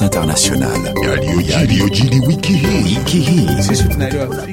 Conférence Internationale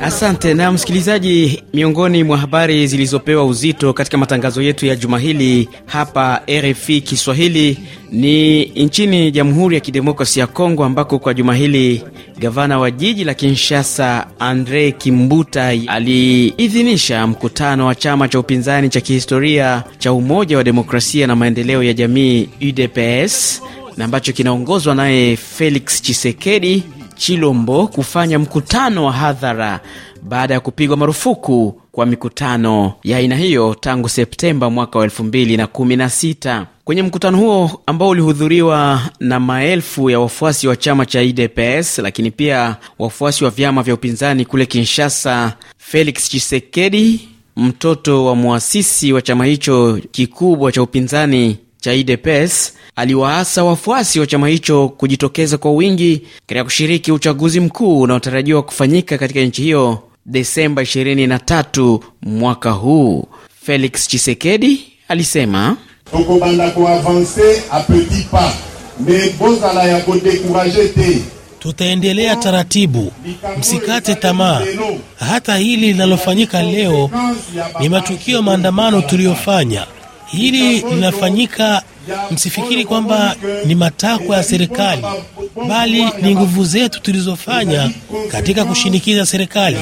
Asante na msikilizaji, miongoni mwa habari zilizopewa uzito katika matangazo yetu ya juma hili hapa RFI Kiswahili ni nchini Jamhuri ya Kidemokrasia ya Kongo ambako kwa juma hili gavana wa jiji la Kinshasa Andre Kimbuta aliidhinisha mkutano wa chama cha upinzani cha kihistoria cha Umoja wa Demokrasia na Maendeleo ya Jamii UDPS na ambacho kinaongozwa naye Felix Chisekedi Chilombo kufanya mkutano wa hadhara baada ya kupigwa marufuku kwa mikutano ya aina hiyo tangu Septemba mwaka wa 216 Kwenye mkutano huo ambao ulihudhuriwa na maelfu ya wafuasi wa chama cha idps lakini pia wafuasi wa vyama vya upinzani kule Kinshasa, Felix Chisekedi mtoto wa mwasisi wa chama hicho kikubwa cha upinzani cha Pes aliwaasa wafuasi wa chama hicho kujitokeza kwa wingi katika kushiriki uchaguzi mkuu unaotarajiwa kufanyika katika nchi hiyo Desemba 23 mwaka huu. Felix Chisekedi alisema a petit pas me bozala ya kodekuraje te Tutaendelea taratibu, msikate tamaa. Hata hili linalofanyika leo ni matukio maandamano tuliyofanya Hili linafanyika, msifikiri kwamba ni matakwa ya serikali, bali ni nguvu zetu tulizofanya katika kushinikiza serikali.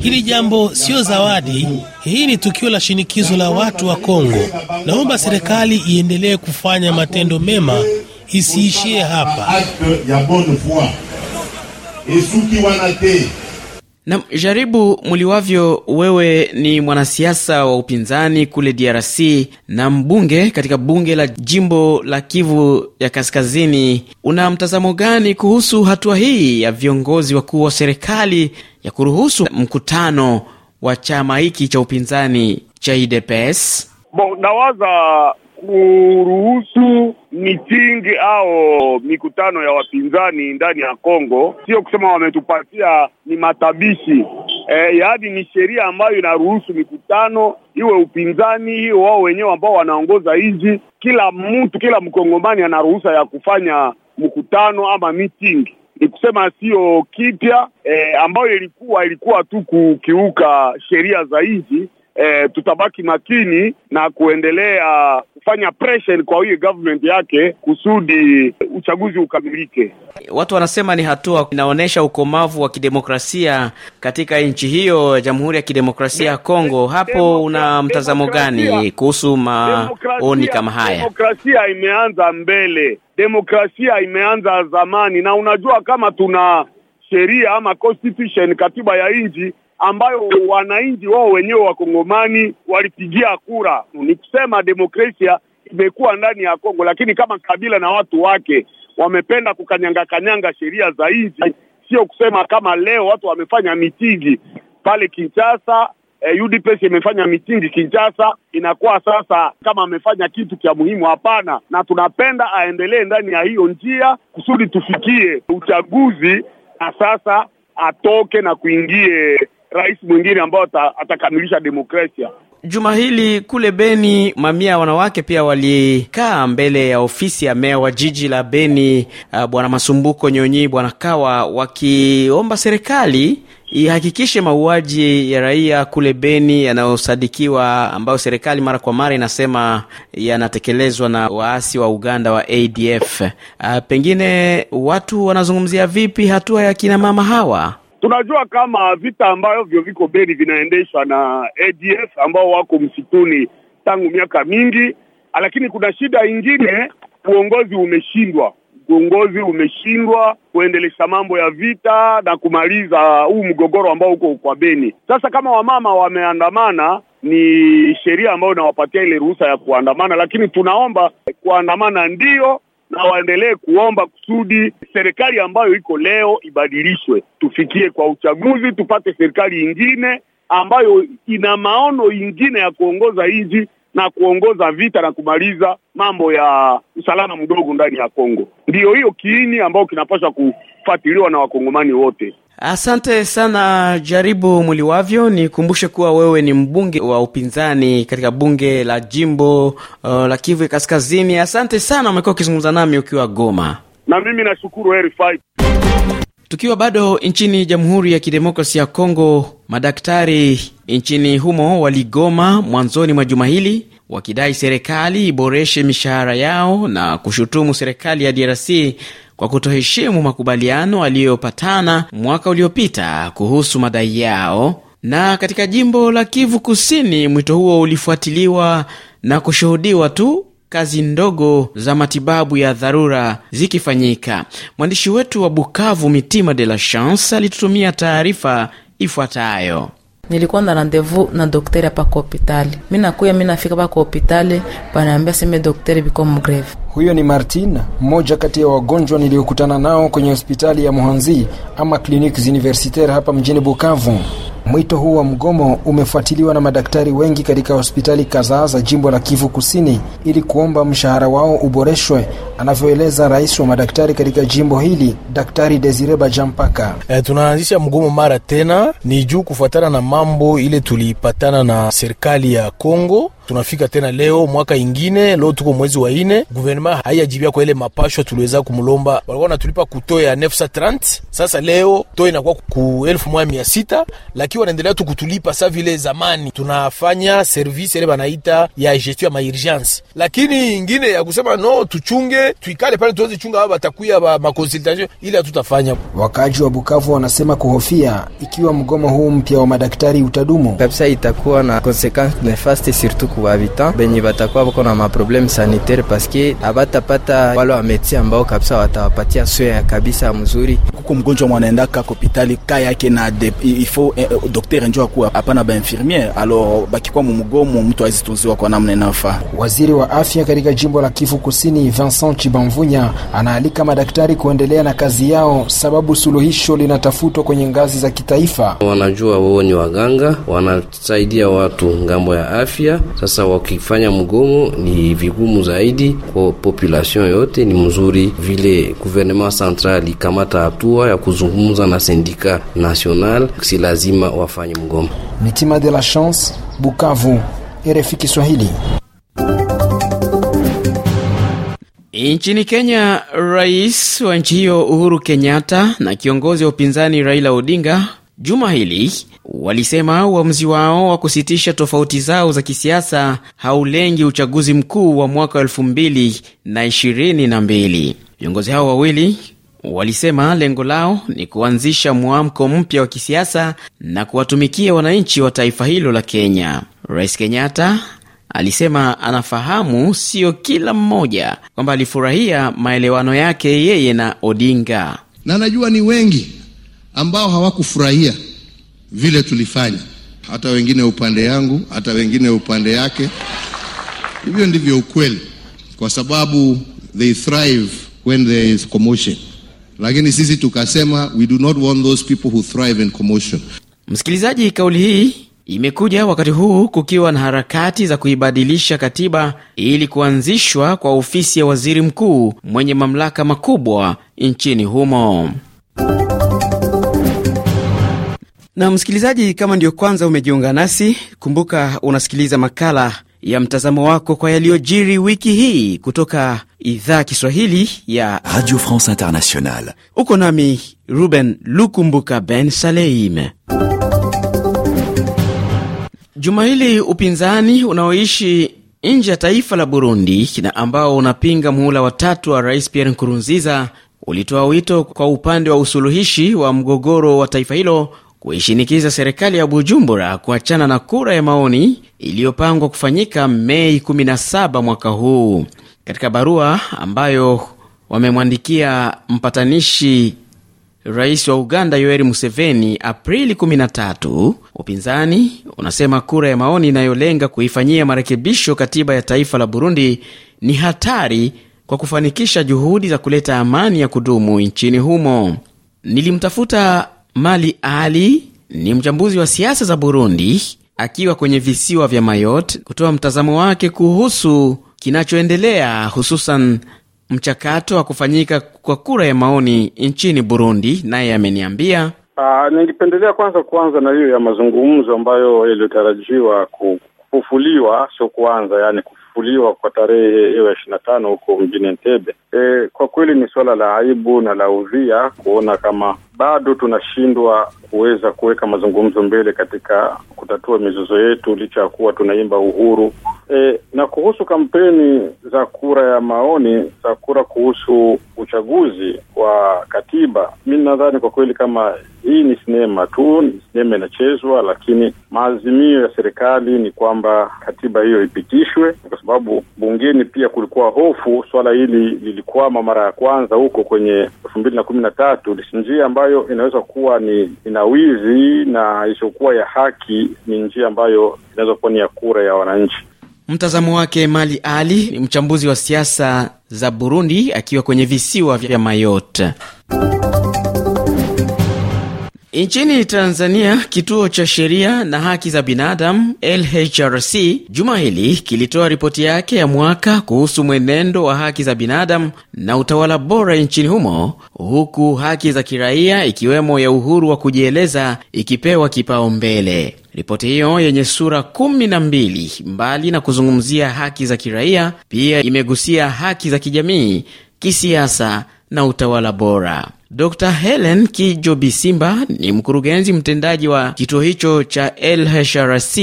Hili jambo sio zawadi, hii ni tukio la shinikizo la watu wa Kongo. Naomba serikali iendelee kufanya matendo mema, isiishie hapa. Na jaribu mliwavyo wewe ni mwanasiasa wa upinzani kule DRC na mbunge katika bunge la jimbo la Kivu ya Kaskazini, una mtazamo gani kuhusu hatua hii ya viongozi wakuu wa serikali ya kuruhusu mkutano wa chama hiki cha upinzani cha idps Bon, nawaza kuruhusu mitingi au mikutano ya wapinzani ndani ya Kongo, sio kusema wametupatia ni matabishi e, yaani ni sheria ambayo inaruhusu mikutano iwe upinzani iwe wao wenyewe ambao wanaongoza nchi. Kila mtu, kila mkongomani ana ruhusa ya kufanya mkutano ama mitingi ni kusema sio kipya eh, ambayo ilikuwa ilikuwa tu kukiuka sheria za nchi, eh, tutabaki makini na kuendelea kufanya pressure kwa hiyo government yake kusudi uchaguzi ukamilike. Watu wanasema ni hatua inaonyesha ukomavu wa kidemokrasia katika nchi hiyo ya Jamhuri ya Kidemokrasia ya Kongo. Hapo una mtazamo gani kuhusu maoni kama haya? Demokrasia imeanza mbele, demokrasia imeanza zamani, na unajua kama tuna sheria ama constitution, katiba ya nchi ambayo wananchi wao wenyewe wakongomani walipigia kura. Ni kusema demokrasia imekuwa ndani ya Kongo, lakini kama Kabila na watu wake wamependa kukanyanga kanyanga sheria za nchi, sio kusema kama leo watu wamefanya mitingi pale Kinshasa. Eh, UDPS imefanya mitingi Kinshasa, inakuwa sasa kama amefanya kitu cha muhimu. Hapana, na tunapenda aendelee ndani ya hiyo njia kusudi tufikie uchaguzi, na sasa atoke na kuingie rais mwingine ambao atakamilisha demokrasia. Juma hili kule Beni, mamia ya wanawake pia walikaa mbele ya ofisi ya meya wa jiji la Beni, uh, bwana Masumbuko Nyonyi, bwana Kawa, wakiomba serikali ihakikishe mauaji ya raia kule Beni yanayosadikiwa ambayo serikali mara kwa mara inasema yanatekelezwa na waasi wa Uganda wa ADF. Uh, pengine watu wanazungumzia vipi hatua ya kina mama hawa? tunajua kama vita ambavyo viko Beni vinaendeshwa na ADF ambao wako msituni tangu miaka mingi, lakini kuna shida ingine, uongozi umeshindwa uongozi umeshindwa kuendelesha mambo ya vita na kumaliza huu mgogoro ambao uko kwa Beni. Sasa kama wamama wameandamana, ni sheria ambayo inawapatia ile ruhusa ya kuandamana, lakini tunaomba kuandamana ndio na waendelee kuomba kusudi serikali ambayo iko leo ibadilishwe, tufikie kwa uchaguzi, tupate serikali ingine ambayo ina maono ingine ya kuongoza nchi na kuongoza vita na kumaliza mambo ya usalama mdogo ndani ya Kongo. Ndiyo hiyo kiini ambayo kinapaswa kufuatiliwa na wakongomani wote. Asante sana Jaribu Mwiliwavyo. Nikumbushe kuwa wewe ni mbunge wa upinzani katika bunge la jimbo uh, la Kivu ya Kaskazini. Asante sana, umekuwa ukizungumza nami ukiwa Goma na mimi nashukuru RFI. Tukiwa bado nchini Jamhuri ya Kidemokrasi ya Kongo, madaktari nchini humo waligoma mwanzoni mwa juma hili wakidai serikali iboreshe mishahara yao na kushutumu serikali ya DRC kwa kutoheshimu makubaliano aliyopatana mwaka uliopita kuhusu madai yao. Na katika jimbo la Kivu Kusini, mwito huo ulifuatiliwa na kushuhudiwa tu kazi ndogo za matibabu ya dharura zikifanyika. Mwandishi wetu wa Bukavu, Mitima de la Chance, alitutumia taarifa ifuatayo. Nilikuwa na randevu na dokteri hapa kwa hopitali, mi nakuya, mi nafika pa kwa hopitali, panaambia seme dokteri biko mgreve huyo ni Martin, mmoja kati ya wagonjwa niliokutana nao kwenye hospitali ya Muhanzi ama Cliniques Universitaire hapa mjini Bukavu. Mwito huu wa mgomo umefuatiliwa na madaktari wengi katika hospitali kadhaa za jimbo la Kivu Kusini ili kuomba mshahara wao uboreshwe, anavyoeleza rais wa madaktari katika jimbo hili, Daktari Desire Bajampaka. E, tunaanzisha mgomo mara tena ni juu kufuatana na mambo ile tuliipatana na serikali ya Kongo tunafika tena leo mwaka ingine, leo tuko mwezi wa ine, guvernema haiajibia kwa ile mapasho tuliweza kumlomba. Walikuwa wanatulipa kutoa ya nefsa trant sasa leo toa inakuwa ku elfu moja mia sita lakini wanaendelea tu kutulipa saa vile zamani. Tunafanya servisi ile banaita ya gestion ya maurgence, lakini ingine ya kusema no, tuchunge tuikale pale tuweze chunga, hao batakuya ba makonsultation ile hatutafanya. Wakaji wa Bukavu wanasema kuhofia ikiwa mgomo huu mpya wa madaktari utadumu kabisa, itakuwa na consequences nefaste surtout kuhabita benye batakuwa bako na maprobleme sanitaire paske abatapata wale wa medecin ambao kabisa watawapatia soya ya kabisa mzuri. Kuko mgonjwa mwanaendaka kopitali ka yake na de, ifo eh, eh dokter njo akuwa hapana bainfirmier alors bakikuwa mumugomo mtu azitunziwa kwa namna inafaa. Waziri wa afya katika jimbo la Kivu Kusini Vincent Chibamvunya anaalika madaktari kuendelea na kazi yao, sababu suluhisho linatafutwa kwenye ngazi za kitaifa. Wanajua wao ni waganga, wanasaidia watu ngambo ya afya. Sasa wakifanya mgomo ni vigumu zaidi kwa population yote. Ni mzuri vile gouvernement central ikamata hatua ya kuzungumza na sindika national, si lazima wafanye mgomo. Mitima de la Chance, Bukavu, RFI Kiswahili. Nchini Kenya, rais wa nchi hiyo Uhuru Kenyatta na kiongozi wa upinzani Raila Odinga juma hili Walisema uamuzi wao wa kusitisha tofauti zao za kisiasa haulengi uchaguzi mkuu wa mwaka elfu na Viongozi hao wawili walisema lengo lao ni kuanzisha mwamko mpya wa kisiasa na kuwatumikia wananchi wa taifa hilo la Kenya. Rais Kenyatta alisema anafahamu siyo kila mmoja, kwamba alifurahia maelewano yake yeye na Odinga, na anajua ni wengi ambao hawakufurahia vile tulifanya, hata wengine upande yangu, hata wengine upande yake. Hivyo ndivyo ukweli, kwa sababu they thrive when there is commotion, lakini sisi tukasema we do not want those people who thrive in commotion. Msikilizaji, kauli hii imekuja wakati huu kukiwa na harakati za kuibadilisha katiba ili kuanzishwa kwa ofisi ya waziri mkuu mwenye mamlaka makubwa nchini humo. Na msikilizaji, kama ndiyo kwanza umejiunga nasi, kumbuka unasikiliza makala ya mtazamo wako kwa yaliyojiri wiki hii kutoka idhaa Kiswahili ya Radio France Internationale. Uko nami Ruben Lukumbuka Ben Saleim. Juma hili upinzani unaoishi nje ya taifa la Burundi na ambao unapinga muhula wa tatu wa Rais Pierre Nkurunziza ulitoa wito kwa upande wa usuluhishi wa mgogoro wa taifa hilo kuishinikiza serikali ya Bujumbura kuachana na kura ya maoni iliyopangwa kufanyika Mei 17 mwaka huu. Katika barua ambayo wamemwandikia mpatanishi rais wa Uganda Yoweri Museveni Aprili 13, upinzani unasema kura ya maoni inayolenga kuifanyia marekebisho katiba ya taifa la Burundi ni hatari kwa kufanikisha juhudi za kuleta amani ya kudumu nchini humo. Nilimtafuta Mali Ali ni mchambuzi wa siasa za Burundi akiwa kwenye visiwa vya Mayot kutoa mtazamo wake kuhusu kinachoendelea hususan mchakato wa kufanyika kwa kura ya maoni nchini Burundi, naye ameniambia ah, nilipendelea kwanza kuanza na hiyo ya mazungumzo ambayo yaliyotarajiwa kufufuliwa, sio kuanza yani kufu kuchukuliwa kwa tarehe hiyo ya ishirini na tano huko mjini Entebbe. E, kwa kweli ni suala la aibu na la udhia kuona kama bado tunashindwa kuweza kuweka mazungumzo mbele katika kutatua mizozo yetu licha ya kuwa tunaimba uhuru. E, na kuhusu kampeni za kura ya maoni za kura kuhusu uchaguzi wa katiba, mi nadhani kwa kweli kama hii ni sinema tu, ni sinema inachezwa, lakini maazimio ya serikali ni kwamba katiba hiyo ipitishwe kwa sababu bungeni pia kulikuwa hofu swala hili lilikwama mara ya kwanza huko kwenye elfu mbili na kumi na tatu. Njia ambayo inaweza kuwa ni inawizi na isiyokuwa ya haki ni njia ambayo inaweza kuwa ni ya kura ya wananchi. Mtazamo wake Mali Ali ni mchambuzi wa siasa za Burundi akiwa kwenye visiwa vya mayota Nchini Tanzania, kituo cha sheria na haki za binadamu LHRC juma hili kilitoa ripoti yake ya mwaka kuhusu mwenendo wa haki za binadamu na utawala bora nchini humo, huku haki za kiraia ikiwemo ya uhuru wa kujieleza ikipewa kipaumbele. Ripoti hiyo yenye sura 12 mbali na kuzungumzia haki za kiraia, pia imegusia haki za kijamii, kisiasa na utawala bora. Dr. Helen Kijobisimba ni mkurugenzi mtendaji wa kituo hicho cha LHRC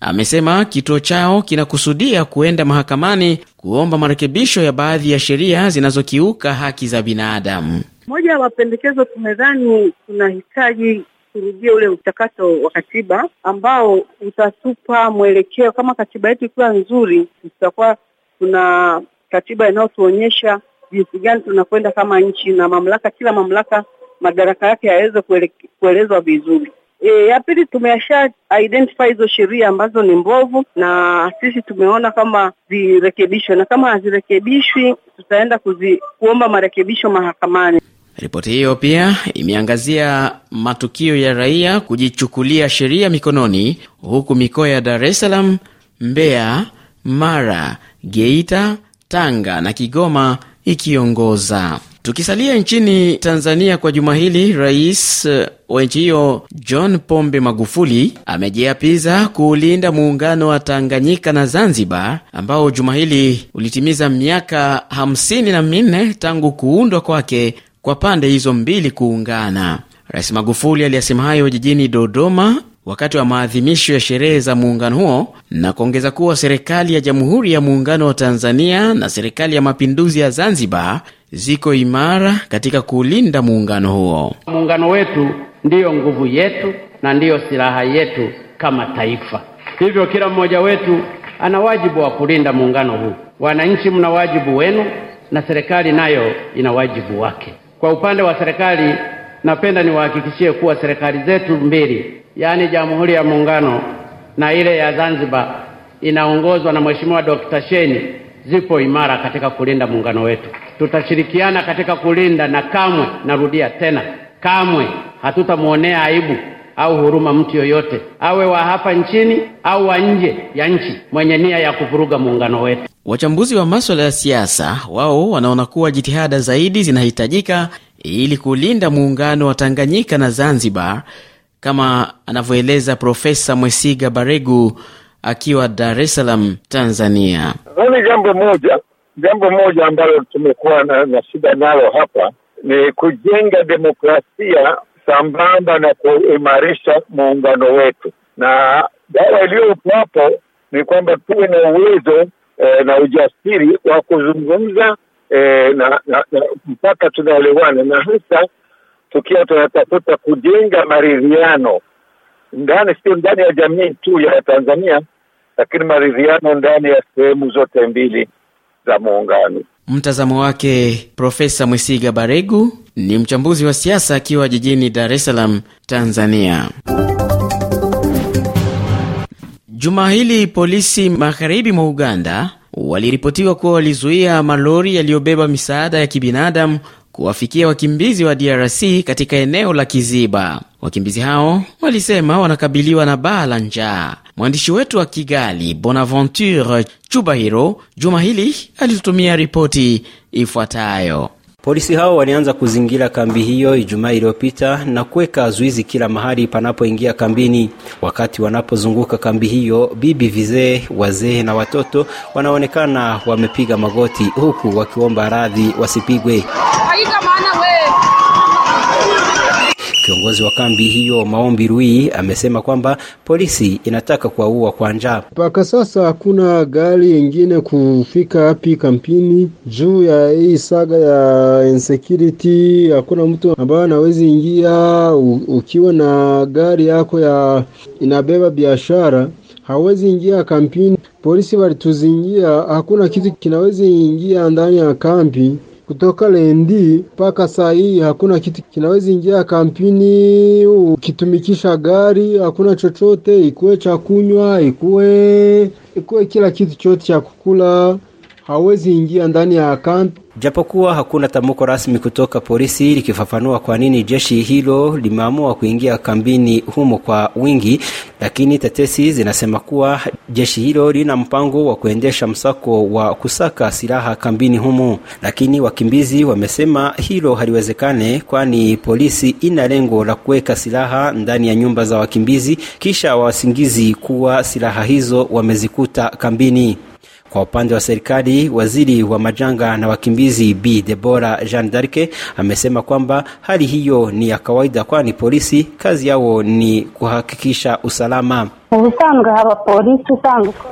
amesema kituo chao kinakusudia kuenda mahakamani kuomba marekebisho ya baadhi ya sheria zinazokiuka haki za binadamu. Moja ya mapendekezo tumedhani tunahitaji kurudia ule mchakato wa katiba ambao utatupa mwelekeo. Kama katiba yetu ikiwa nzuri, tutakuwa tuna katiba inayotuonyesha jinsi gani tunakwenda kama nchi na mamlaka, kila mamlaka madaraka yake yaweze kuelezwa vizuri. E, ya pili tumesha identify hizo sheria ambazo ni mbovu, na sisi tumeona kama zirekebishwe, na kama hazirekebishwi tutaenda kuzi, kuomba marekebisho mahakamani. Ripoti hiyo pia imeangazia matukio ya raia kujichukulia sheria mikononi, huku mikoa ya Dar es Salaam, Mbeya, Mara, Geita, Tanga na Kigoma ikiongoza. Tukisalia nchini Tanzania kwa juma hili, rais eh, wa nchi hiyo John Pombe Magufuli amejiapiza kuulinda muungano wa Tanganyika na Zanzibar ambao juma hili ulitimiza miaka 54 tangu kuundwa kwake kwa pande hizo mbili kuungana. Rais Magufuli aliyasema hayo jijini Dodoma wakati wa maadhimisho ya sherehe za muungano huo na kuongeza kuwa serikali ya Jamhuri ya Muungano wa Tanzania na serikali ya Mapinduzi ya Zanzibar ziko imara katika kuulinda muungano huo. Muungano wetu ndiyo nguvu yetu na ndiyo silaha yetu kama taifa. Hivyo kila mmoja wetu ana wajibu wa kulinda muungano huu. Wananchi mna wajibu wenu, na serikali nayo ina wajibu wake. Kwa upande wa serikali, napenda niwahakikishie kuwa serikali zetu mbili yaani Jamhuri ya Muungano na ile ya Zanzibar inaongozwa na Mheshimiwa Dr. Sheni zipo imara katika kulinda muungano wetu. Tutashirikiana katika kulinda na kamwe, narudia tena, kamwe hatutamwonea aibu au huruma mtu yoyote, awe wa hapa nchini au wa nje ya nchi, mwenye nia ya kuvuruga muungano wetu. Wachambuzi wa maswala ya siasa wao wanaona kuwa jitihada zaidi zinahitajika ili kulinda muungano wa Tanganyika na Zanzibar kama anavyoeleza Profesa Mwesiga Baregu akiwa Dar es Salaam, Tanzania. Nadhani jambo moja jambo moja ambalo tumekuwa na, na shida nalo hapa ni kujenga demokrasia sambamba na kuimarisha muungano wetu, na dawa iliyopo hapo ni kwamba tuwe na uwezo eh, na ujasiri wa kuzungumza eh, na, na, na mpaka tunaelewana na hasa tukiwa tunatafuta kujenga maridhiano ndani, sio ndani ya jamii tu ya Tanzania, lakini maridhiano ndani ya sehemu zote mbili za muungano. Mtazamo wake Profesa Mwesiga Baregu ni mchambuzi wa siasa akiwa jijini Dar es Salaam, Tanzania. Juma hili polisi magharibi mwa Uganda waliripotiwa kuwa walizuia malori yaliyobeba misaada ya kibinadamu kuwafikia wakimbizi wa DRC katika eneo la Kiziba. Wakimbizi hao walisema wanakabiliwa na baa la njaa. Mwandishi wetu wa Kigali, Bonaventure Chubahiro, juma hili alitutumia ripoti ifuatayo. Polisi hao walianza kuzingira kambi hiyo Ijumaa iliyopita na kuweka zuizi kila mahali panapoingia kambini. Wakati wanapozunguka kambi hiyo, bibi, vizee, wazee na watoto wanaonekana wamepiga magoti, huku wakiomba radhi wasipigwe. Kiongozi wa kambi hiyo Maombi Rui amesema kwamba polisi inataka kuwaua kwa njaa. Mpaka sasa hakuna gari yingine kufika hapi kampini juu ya hii saga ya insecurity. Hakuna mtu ambaye anawezi ingia. Ukiwa na gari yako ya inabeba biashara hawezi ingia kampini. Polisi walituzingia, hakuna kitu kinawezi ingia ndani ya kambi kutoka lendi mpaka saa hii hakuna kitu kinaweza ingia kampini, ukitumikisha gari hakuna chochote, ikuwe cha kunywa, ikuwe ikuwe kila kitu chote cha kukula hawezi ingia ndani ya kambi. Japokuwa hakuna tamko rasmi kutoka polisi likifafanua kwa nini jeshi hilo limeamua kuingia kambini humo kwa wingi, lakini tetesi zinasema kuwa jeshi hilo lina mpango wa kuendesha msako wa kusaka silaha kambini humo, lakini wakimbizi wamesema hilo haliwezekane, kwani polisi ina lengo la kuweka silaha ndani ya nyumba za wakimbizi, kisha wasingizi kuwa silaha hizo wamezikuta kambini. Kwa upande wa serikali, waziri wa majanga na wakimbizi b Debora Jean Darke amesema kwamba hali hiyo ni ya kawaida, kwani polisi kazi yao ni kuhakikisha usalama.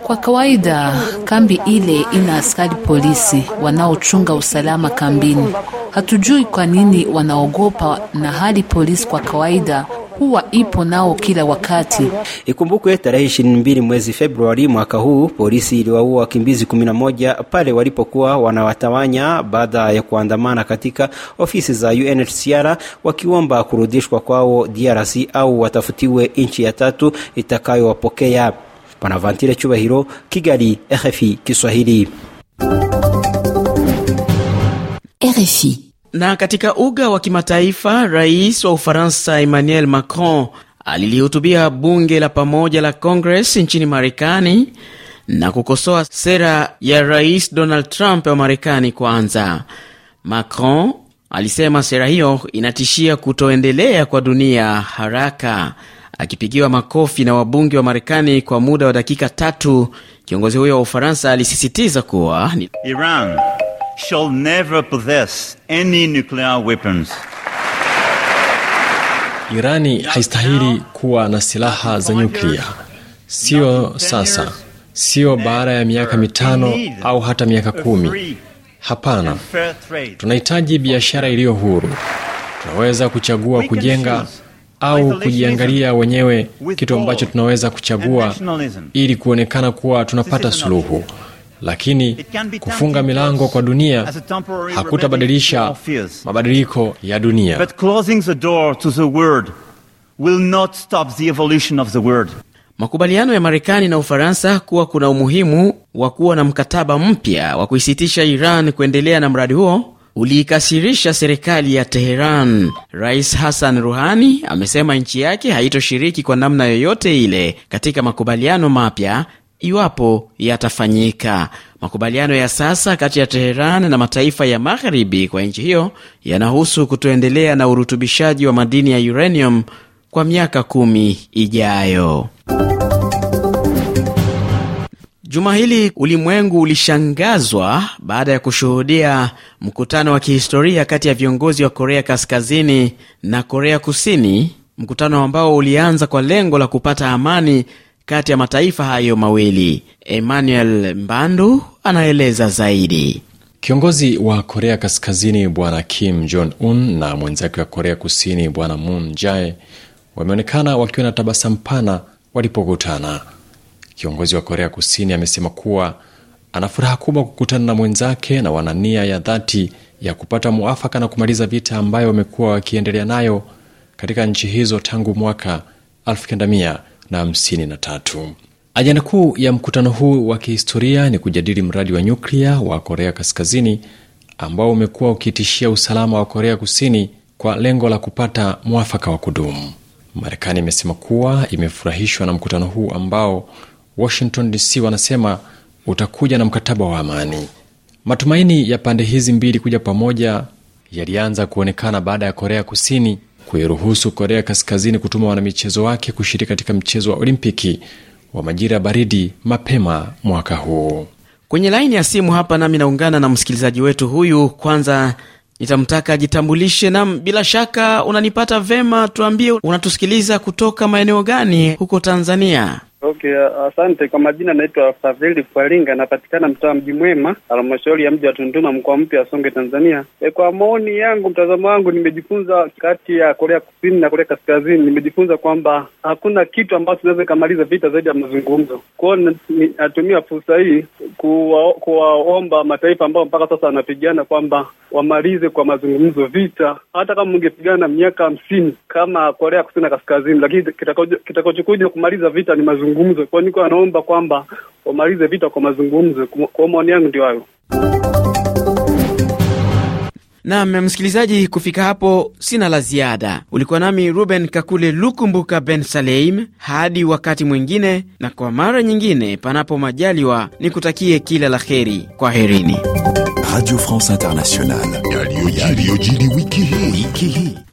Kwa kawaida kambi ile ina askari polisi wanaochunga usalama kambini. Hatujui kwa nini wanaogopa na hali polisi kwa kawaida huwa ipo nao kila wakati. Ikumbukwe tarehe 22 mwezi Februari mwaka huu polisi iliwaua wakimbizi 11 pale walipokuwa wanawatawanya baada ya kuandamana katika ofisi za UNHCR wakiomba kurudishwa kwao DRC au watafutiwe nchi ya tatu itakayowapokea. Panavantile Chubahiro, Kigali, RFI Kiswahili. RFI na katika uga wa kimataifa, rais wa Ufaransa Emmanuel Macron alilihutubia bunge la pamoja la Congress nchini Marekani na kukosoa sera ya rais Donald Trump wa Marekani. Kwanza, Macron alisema sera hiyo inatishia kutoendelea kwa dunia haraka. Akipigiwa makofi na wabunge wa Marekani kwa muda wa dakika tatu, kiongozi huyo wa Ufaransa alisisitiza kuwa Iran shall never possess any nuclear weapons. Irani haistahili kuwa na silaha za nyuklia, sio sasa, sio baada ya miaka mitano au hata miaka kumi. Hapana, tunahitaji biashara iliyo huru. Tunaweza kuchagua kujenga au kujiangalia wenyewe kitu ambacho tunaweza kuchagua ili kuonekana kuwa tunapata suluhu lakini kufunga milango kwa dunia hakutabadilisha mabadiliko ya dunia. Makubaliano ya Marekani na Ufaransa kuwa kuna umuhimu wa kuwa na mkataba mpya wa kuisitisha Iran kuendelea na mradi huo uliikasirisha serikali ya Teheran. Rais Hassan Ruhani amesema nchi yake haitoshiriki kwa namna yoyote ile katika makubaliano mapya iwapo yatafanyika. Makubaliano ya sasa kati ya Teheran na mataifa ya magharibi kwa nchi hiyo yanahusu kutoendelea na urutubishaji wa madini ya uranium kwa miaka kumi ijayo. Juma hili ulimwengu ulishangazwa baada ya kushuhudia mkutano wa kihistoria kati ya viongozi wa Korea Kaskazini na Korea Kusini, mkutano ambao ulianza kwa lengo la kupata amani kati ya mataifa hayo mawili. Emmanuel Mbandu anaeleza zaidi. Kiongozi wa Korea Kaskazini Bwana Kim Jong Un na mwenzake wa Korea Kusini Bwana Moon Jae wameonekana wakiwa na tabasamu pana walipokutana. Kiongozi wa Korea Kusini amesema kuwa ana furaha kubwa kukutana na mwenzake na wana nia ya dhati ya kupata mwafaka na kumaliza vita ambayo wamekuwa wakiendelea nayo katika nchi hizo tangu mwaka na Ajenda kuu ya mkutano huu wa kihistoria ni kujadili mradi wa nyuklia wa Korea Kaskazini ambao umekuwa ukitishia usalama wa Korea Kusini kwa lengo la kupata mwafaka wa kudumu. Marekani imesema kuwa imefurahishwa na mkutano huu ambao Washington DC wanasema utakuja na mkataba wa amani. Matumaini ya pande hizi mbili kuja pamoja yalianza kuonekana baada ya Korea Kusini kuiruhusu Korea Kaskazini kutuma wanamichezo wake kushiriki katika mchezo wa Olimpiki wa majira ya baridi mapema mwaka huu. Kwenye laini ya simu hapa nami naungana na msikilizaji wetu huyu. Kwanza nitamtaka ajitambulishe, nam bila shaka unanipata vema, tuambie unatusikiliza kutoka maeneo gani huko Tanzania. Okay, uh, asante kwa majina, naitwa Faveli Kwalinga, napatikana mtaa Mji Mwema, halmashauri ya mji wa Tunduma, mkoa mpya wa Songwe, Tanzania. E, kwa maoni yangu, mtazamo wangu, nimejifunza kati ya Korea Kusini na Korea Kaskazini, nimejifunza kwamba hakuna kitu ambacho inaweza ikamaliza vita zaidi ya mazungumzo. Kwa hiyo natumia fursa hii kuwa, kuwaomba mataifa ambayo mpaka sasa wanapigana kwamba wamalize kwa mazungumzo vita, hata kama mungepigana miaka hamsini kama Korea Kusini na Kaskazini, lakini kitakachokuja kumaliza vita ni mazungumzo. Kwa niko anaomba kwamba wamalize vita kwa mazungumzo. Kwa maoni yangu ndio hayo. Naam msikilizaji, kufika hapo sina la ziada. Ulikuwa nami Ruben Kakule Lukumbuka Ben Saleim, hadi wakati mwingine, na kwa mara nyingine, panapo majaliwa, nikutakie kila la heri. Kwa herini. Radio France Internationale, yaliyojiri wiki hii.